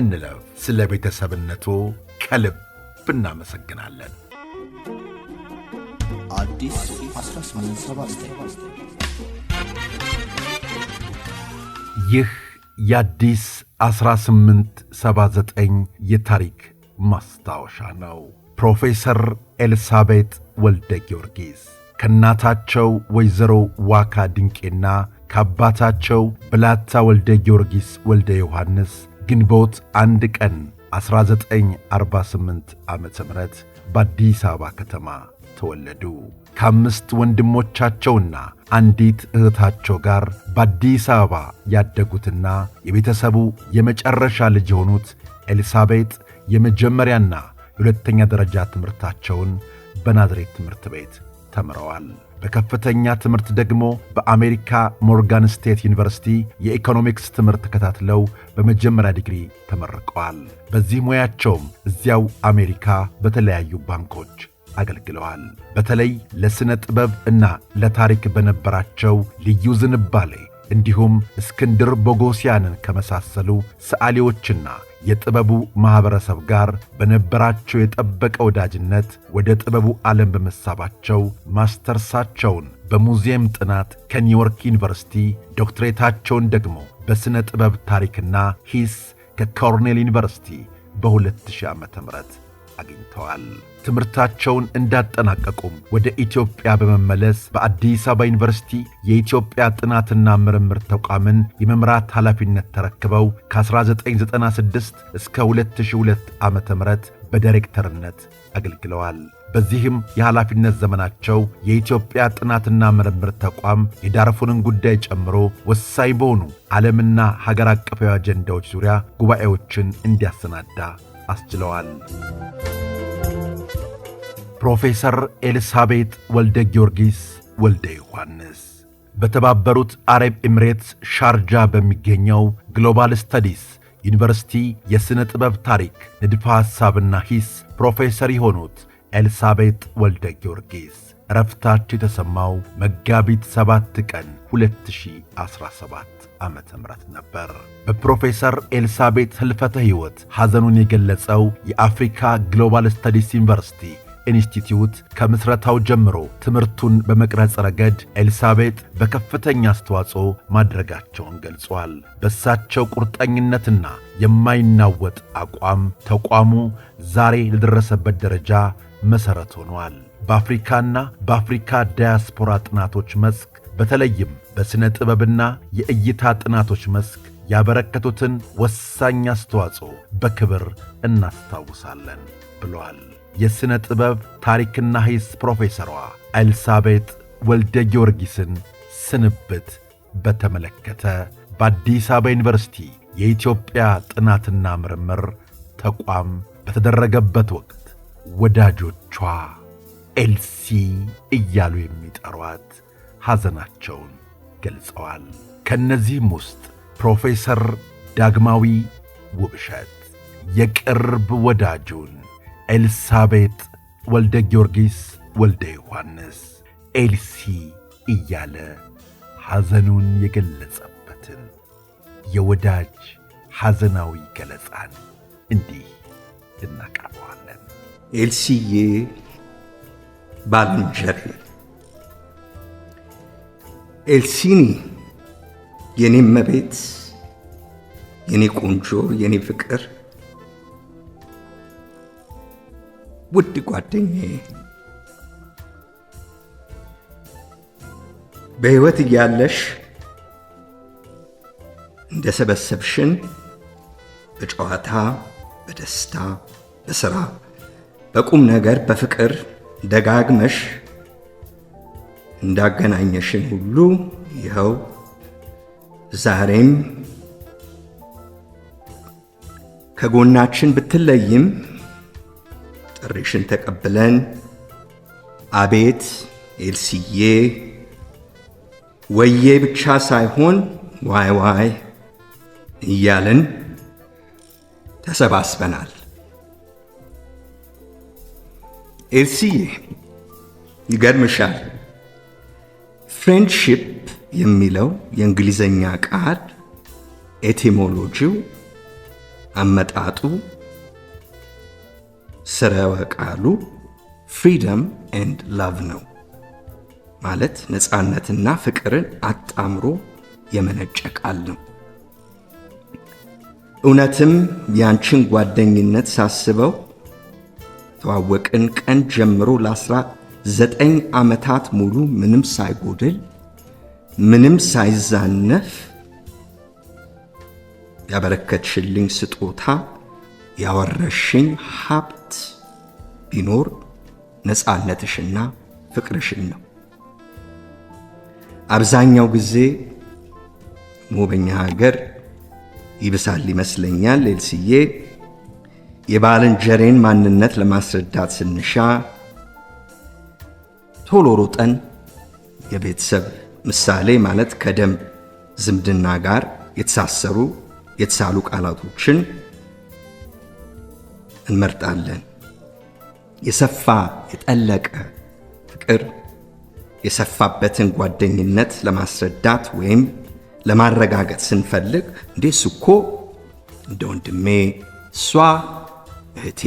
እንለፍ። ስለ ቤተሰብነቱ ከልብ እናመሰግናለን። ይህ የአዲስ 1879 የታሪክ ማስታወሻ ነው። ፕሮፌሰር ኤልሳቤጥ ወልደ ጊዮርጊስ ከእናታቸው ወይዘሮ ዋካ ድንቄና ከአባታቸው ብላታ ወልደ ጊዮርጊስ ወልደ ዮሐንስ ግንቦት አንድ ቀን 1948 ዓ ም በአዲስ አበባ ከተማ ተወለዱ። ከአምስት ወንድሞቻቸውና አንዲት እህታቸው ጋር በአዲስ አበባ ያደጉትና የቤተሰቡ የመጨረሻ ልጅ የሆኑት ኤልሳቤጥ የመጀመሪያና የሁለተኛ ደረጃ ትምህርታቸውን በናዝሬት ትምህርት ቤት ተምረዋል። በከፍተኛ ትምህርት ደግሞ በአሜሪካ ሞርጋን ስቴት ዩኒቨርሲቲ የኢኮኖሚክስ ትምህርት ተከታትለው በመጀመሪያ ዲግሪ ተመርቀዋል። በዚህ ሙያቸውም እዚያው አሜሪካ በተለያዩ ባንኮች አገልግለዋል። በተለይ ለሥነ ጥበብ እና ለታሪክ በነበራቸው ልዩ ዝንባሌ እንዲሁም እስክንድር ቦጎሲያንን ከመሳሰሉ ሰዓሊዎችና የጥበቡ ማኅበረሰብ ጋር በነበራቸው የጠበቀ ወዳጅነት ወደ ጥበቡ ዓለም በመሳባቸው ማስተርሳቸውን በሙዚየም ጥናት ከኒውዮርክ ዩኒቨርሲቲ ዶክትሬታቸውን ደግሞ በሥነ ጥበብ ታሪክና ሂስ ከኮርኔል ዩኒቨርሲቲ በ2000 ዓ.ም አግኝተዋል። ትምህርታቸውን እንዳጠናቀቁም ወደ ኢትዮጵያ በመመለስ በአዲስ አበባ ዩኒቨርሲቲ የኢትዮጵያ ጥናትና ምርምር ተቋምን የመምራት ኃላፊነት ተረክበው ከ1996 እስከ 2002 ዓ ም በዳይሬክተርነት አገልግለዋል። በዚህም የኃላፊነት ዘመናቸው የኢትዮጵያ ጥናትና ምርምር ተቋም የዳርፉርን ጉዳይ ጨምሮ ወሳኝ በሆኑ ዓለምና ሀገር አቀፋዊ አጀንዳዎች ዙሪያ ጉባኤዎችን እንዲያሰናዳ አስችለዋል። ፕሮፌሰር ኤልሳቤጥ ወልደ ጊዮርጊስ ወልደ ዮሐንስ በተባበሩት አረብ ኤምሬትስ ሻርጃ በሚገኘው ግሎባል ስተዲስ ዩኒቨርሲቲ የሥነ ጥበብ ታሪክ ንድፈ ሐሳብና ሂስ ፕሮፌሰር የሆኑት ኤልሳቤጥ ወልደ ጊዮርጊስ እረፍታቸው የተሰማው መጋቢት 7 ቀን 2017 ዓ ም ነበር። በፕሮፌሰር ኤልሳቤት ህልፈተ ሕይወት ሐዘኑን የገለጸው የአፍሪካ ግሎባል ስተዲስ ዩኒቨርሲቲ ኢንስቲትዩት ከምስረታው ጀምሮ ትምህርቱን በመቅረጽ ረገድ ኤልሳቤጥ በከፍተኛ አስተዋጽኦ ማድረጋቸውን ገልጿል። በእሳቸው ቁርጠኝነትና የማይናወጥ አቋም ተቋሙ ዛሬ ለደረሰበት ደረጃ መሠረት ሆኗል። በአፍሪካና በአፍሪካ ዳያስፖራ ጥናቶች መስክ በተለይም በሥነ ጥበብና የእይታ ጥናቶች መስክ ያበረከቱትን ወሳኝ አስተዋጽኦ በክብር እናስታውሳለን ብለዋል የሥነ ጥበብ ታሪክና ሂስ ፕሮፌሰሯ ኤልሳቤጥ ወልደ ጊዮርጊስን ስንብት በተመለከተ በአዲስ አበባ ዩኒቨርሲቲ የኢትዮጵያ ጥናትና ምርምር ተቋም በተደረገበት ወቅት ወዳጆቿ ኤልሲ እያሉ የሚጠሯት ሐዘናቸውን ገልጸዋል። ከእነዚህም ውስጥ ፕሮፌሰር ዳግማዊ ውብሸት የቅርብ ወዳጁን ኤልሳቤጥ ወልደ ጊዮርጊስ ወልደ ዮሐንስ ኤልሲ እያለ ሐዘኑን የገለጸበትን የወዳጅ ሐዘናዊ ገለጻን እንዲህ እናቀርበዋለን። ኤልሲዬ ባልንጀሬ ኤልሲኒ የኔ መቤት የኔ ቆንጆ የኔ ፍቅር ውድ ጓደኛዬ በሕይወት እያለሽ እንደ ሰበሰብሽን በጨዋታ፣ በደስታ፣ በሥራ፣ በቁም ነገር፣ በፍቅር ደጋግመሽ እንዳገናኘሽን ሁሉ ይኸው ዛሬም ከጎናችን ብትለይም ጥሪሽን ተቀብለን አቤት ኤልሲዬ ወዬ ብቻ ሳይሆን ዋይ ዋይ እያልን ተሰባስበናል። ኤልሲዬ ይገርምሻል። ፍሬንድሺፕ የሚለው የእንግሊዘኛ ቃል ኤቲሞሎጂው አመጣጡ ስረወ ቃሉ ፍሪደም ኤንድ ላቭ ነው ማለት ነፃነትና ፍቅርን አጣምሮ የመነጨ ቃል ነው። እውነትም ያንቺን ጓደኝነት ሳስበው ከተዋወቅን ቀን ጀምሮ ለአስራ ዘጠኝ ዓመታት ሙሉ ምንም ሳይጎድል ምንም ሳይዛነፍ ያበረከትሽልኝ ስጦታ ያወረሽኝ ሀብት ቢኖር ነፃነትሽና ፍቅርሽን ነው። አብዛኛው ጊዜ ሞበኛ ሀገር ይብሳል ይመስለኛል ኤልስዬ የባልንጀሬን ማንነት ለማስረዳት ስንሻ ቶሎ ሮጠን የቤተሰብ ምሳሌ ማለት ከደም ዝምድና ጋር የተሳሰሩ የተሳሉ ቃላቶችን እንመርጣለን። የሰፋ የጠለቀ ፍቅር የሰፋበትን ጓደኝነት ለማስረዳት ወይም ለማረጋገጥ ስንፈልግ እንዴ እሱ እኮ እንደ ወንድሜ እሷ እህቴ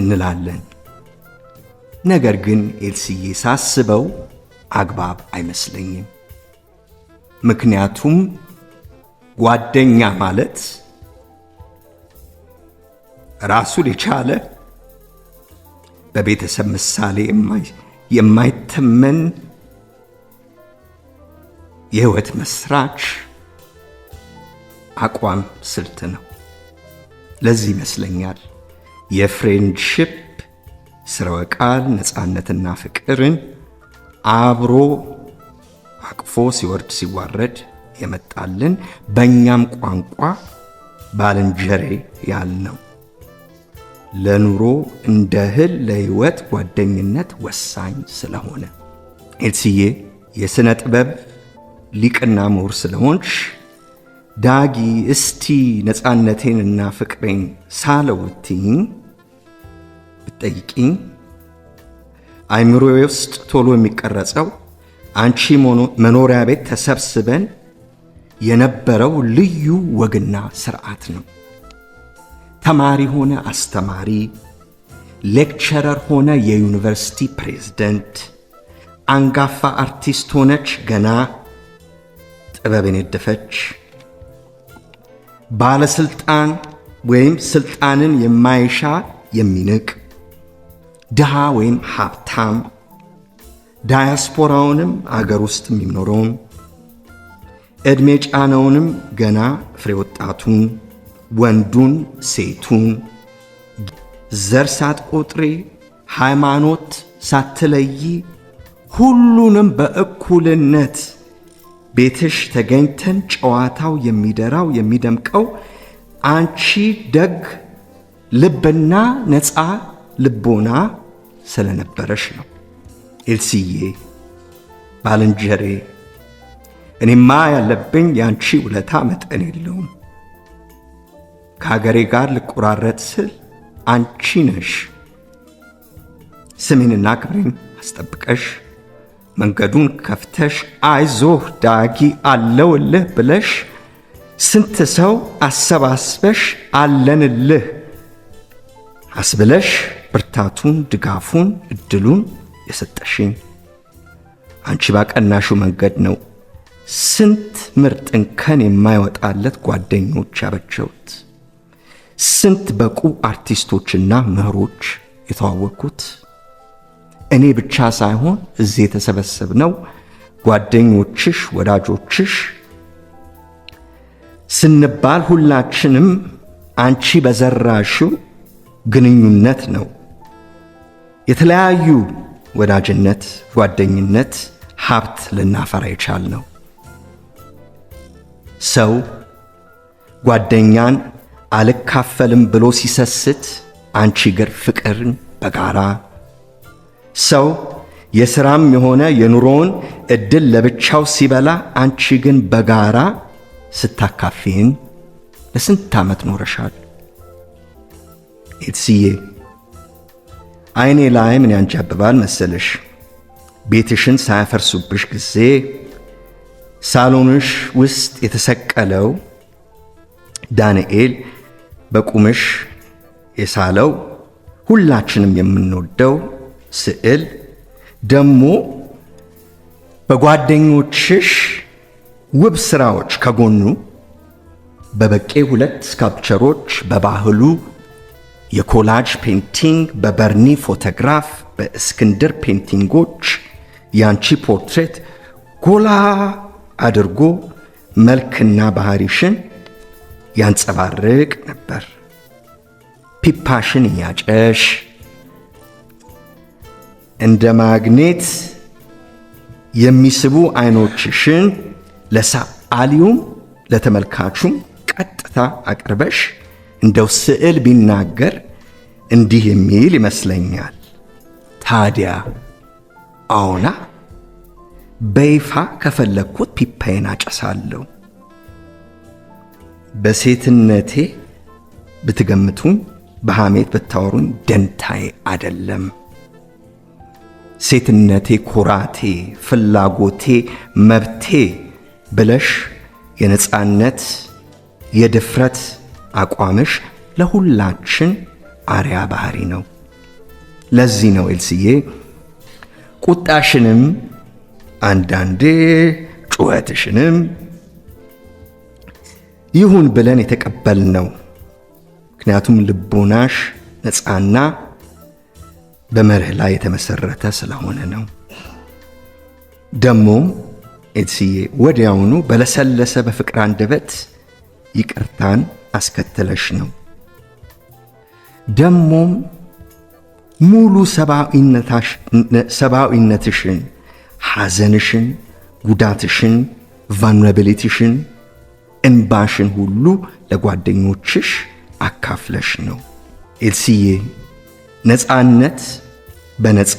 እንላለን። ነገር ግን ኤልስዬ ሳስበው አግባብ አይመስለኝም። ምክንያቱም ጓደኛ ማለት ራሱን የቻለ በቤተሰብ ምሳሌ የማይተመን የሕይወት መስራች አቋም ስልት ነው። ለዚህ ይመስለኛል የፍሬንድሽፕ ስርወ ቃል ነፃነትና ፍቅርን አብሮ አቅፎ ሲወርድ ሲዋረድ የመጣልን በእኛም ቋንቋ ባልንጀሬ ያልነው ለኑሮ እንደ እህል ለህይወት ጓደኝነት ወሳኝ ስለሆነ ኤልስዬ የሥነ ጥበብ ሊቅና ምሁር ስለሆንሽ ዳጊ እስቲ ነፃነቴንና ፍቅሬን ሳለውትኝ ብትጠይቂኝ አይምሮ ውስጥ ቶሎ የሚቀረጸው አንቺ መኖሪያ ቤት ተሰብስበን የነበረው ልዩ ወግና ስርዓት ነው። ተማሪ ሆነ አስተማሪ፣ ሌክቸረር ሆነ የዩኒቨርሲቲ ፕሬዝደንት፣ አንጋፋ አርቲስት ሆነች ገና ጥበብን የደፈች ባለስልጣን ወይም ስልጣንን የማይሻ የሚንቅ ድሃ ወይም ሀብታም ዳያስፖራውንም አገር ውስጥ የሚኖረውን ዕድሜ ጫነውንም ገና ፍሬ ወጣቱን ወንዱን ሴቱን ዘር ሳትቆጥሪ ሃይማኖት ሳትለይ ሁሉንም በእኩልነት ቤትሽ ተገኝተን ጨዋታው የሚደራው የሚደምቀው አንቺ ደግ ልብና ነፃ ልቦና ስለነበረሽ ነው። ኤልስዬ ባልንጀሬ፣ እኔማ ያለብኝ የአንቺ ውለታ መጠን የለውም። ከሀገሬ ጋር ልቆራረጥ ስል አንቺ ነሽ ስሜንና ክብሬን አስጠብቀሽ መንገዱን ከፍተሽ አይዞህ ዳጊ አለውልህ ብለሽ ስንት ሰው አሰባስበሽ አለንልህ አስብለሽ ብርታቱን፣ ድጋፉን፣ እድሉን የሰጠሽኝ አንቺ ባቀናሹ መንገድ ነው። ስንት ምርጥ እንከን የማይወጣለት ጓደኞች ያበቸውት? ስንት በቁ አርቲስቶችና ምህሮች የተዋወቅኩት እኔ ብቻ ሳይሆን እዚህ ነው ጓደኞችሽ፣ ወዳጆችሽ ስንባል ሁላችንም አንቺ በዘራሽው ግንኙነት ነው። የተለያዩ ወዳጅነት፣ ጓደኝነት ሀብት ልናፈራ ይቻል ነው። ሰው ጓደኛን አልካፈልም ብሎ ሲሰስት፣ አንቺ ግር ፍቅርን በጋራ ሰው የሥራም የሆነ የኑሮውን ዕድል ለብቻው ሲበላ፣ አንቺ ግን በጋራ ስታካፊን ለስንት ዓመት ኖረሻል? ኤትስዬ አይኔ ላይ ምን አበባል መሰለሽ ቤትሽን ሳያፈርሱብሽ ጊዜ ሳሎንሽ ውስጥ የተሰቀለው ዳንኤል በቁምሽ የሳለው ሁላችንም የምንወደው ስዕል ደግሞ በጓደኞችሽ ውብ ስራዎች ከጎኑ በበቄ ሁለት ስካፕቸሮች በባህሉ የኮላጅ ፔንቲንግ በበርኒ ፎቶግራፍ በእስክንድር ፔንቲንጎች ያንቺ ፖርትሬት ጎላ አድርጎ መልክና ባህሪሽን ያንጸባርቅ ነበር። ፒፓሽን እያጨሽ እንደ ማግኔት የሚስቡ አይኖችሽን ለሰዓሊውም ለተመልካቹም ቀጥታ አቅርበሽ እንደው ስዕል ቢናገር እንዲህ የሚል ይመስለኛል። ታዲያ አውና በይፋ ከፈለግኩት ፒፓዬን አጨሳለሁ። በሴትነቴ ብትገምቱኝ፣ በሐሜት ብታወሩኝ ደንታዬ አደለም። ሴትነቴ፣ ኩራቴ፣ ፍላጎቴ፣ መብቴ ብለሽ የነፃነት የድፍረት አቋምሽ ለሁላችን አርያ ባህሪ ነው። ለዚህ ነው ኤልስዬ ቁጣሽንም አንዳንዴ ጩኸትሽንም ይሁን ብለን የተቀበልነው። ምክንያቱም ልቦናሽ ነፃና በመርህ ላይ የተመሰረተ ስለሆነ ነው። ደግሞም ኤትስዬ ወዲያውኑ በለሰለሰ በፍቅር አንደበት ይቅርታን አስከትለሽ ነው። ደግሞም ሙሉ ሰብአዊነትሽን፣ ሐዘንሽን፣ ጉዳትሽን፣ ቫልነራቢሊቲሽን፣ እንባሽን ሁሉ ለጓደኞችሽ አካፍለሽ ነው ኤልስዬ ነፃነት በነፃ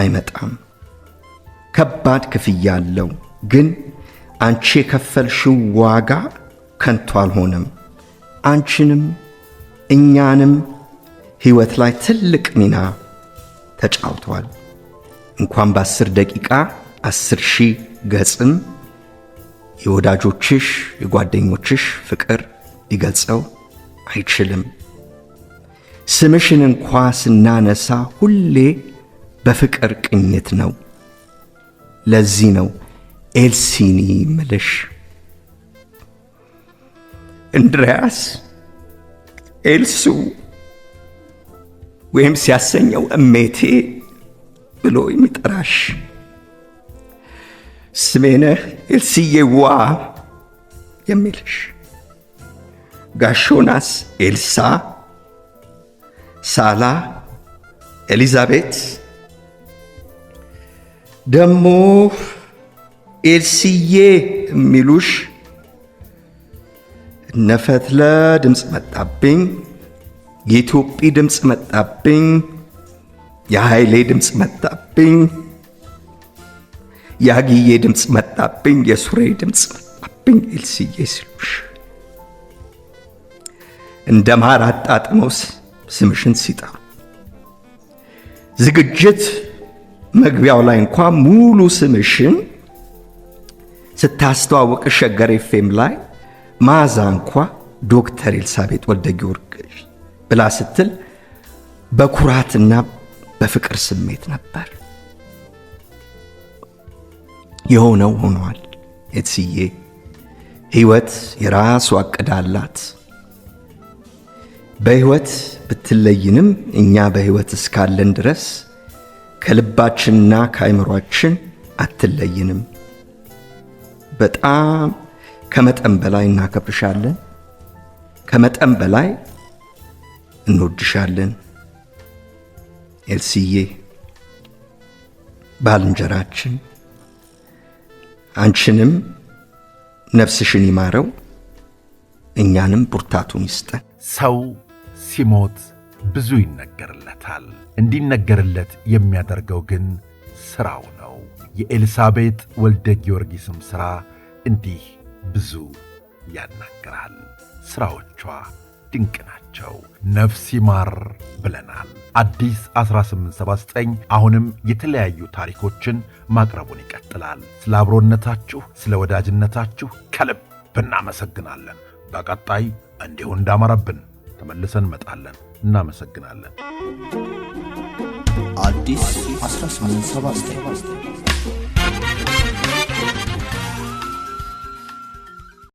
አይመጣም። ከባድ ክፍያ አለው። ግን አንቺ የከፈልሽው ዋጋ ከንቱ አልሆነም። አንቺንም እኛንም ሕይወት ላይ ትልቅ ሚና ተጫውቷል። እንኳን በአስር ደቂቃ አስር ሺህ ገጽም የወዳጆችሽ የጓደኞችሽ ፍቅር ሊገልጸው አይችልም። ስምሽን እንኳ ስናነሳ ሁሌ በፍቅር ቅኝት ነው። ለዚህ ነው ኤልሲኒ ምልሽ። እንድሪያስ ኤልሱ ወይም ሲያሰኘው እሜቴ ብሎ የሚጠራሽ ስሜነህ ኤልስዬዋ የሚልሽ ጋሾናስ ኤልሳ ሳላ፣ ኤሊዛቤት ደሞ ኤልስዬ የሚሉሽ ነፈትለ ድምፅ መጣብኝ፣ የኢትዮጵ ድምፅ መጣብኝ፣ የኃይሌ ድምፅ መጣብኝ፣ የአግዬ ድምፅ መጣብኝ፣ የሱሬ ድምፅ መጣብኝ። ኤልስዬ ሲሉሽ እንደ ማር አጣጥመውስ ስምሽን ሲጠሩ ዝግጅት መግቢያው ላይ እንኳ ሙሉ ስምሽን ስታስተዋወቅ ሸገር ኤፌም ላይ ማዛ እንኳ ዶክተር ኤልሳቤጥ ወልደ ጊዮርጊስ ብላ ስትል በኩራትና በፍቅር ስሜት ነበር። የሆነው ሆኗል። የትስዬ ሕይወት የራሱ ዕቅድ አላት። በሕይወት ብትለይንም እኛ በሕይወት እስካለን ድረስ ከልባችንና ከአይምሯችን አትለይንም። በጣም ከመጠን በላይ እናከብርሻለን፣ ከመጠን በላይ እንወድሻለን። ኤልስዬ ባልንጀራችን፣ አንቺንም ነፍስሽን ይማረው እኛንም ብርታቱን ይስጠን። ሰው ሲሞት ብዙ ይነገርለታል። እንዲነገርለት የሚያደርገው ግን ሥራው ነው። የኤልሳቤጥ ወልደ ጊዮርጊስም ሥራ እንዲህ ብዙ ያናግራል። ሥራዎቿ ድንቅ ናቸው። ነፍስ ይማር ብለናል። አዲስ 1879 አሁንም የተለያዩ ታሪኮችን ማቅረቡን ይቀጥላል። ስለ አብሮነታችሁ፣ ስለ ወዳጅነታችሁ ከልብ እናመሰግናለን። በቀጣይ እንዲሁ እንዳመረብን ተመልሰን እንመጣለን። እናመሰግናለን። አዲስ 1879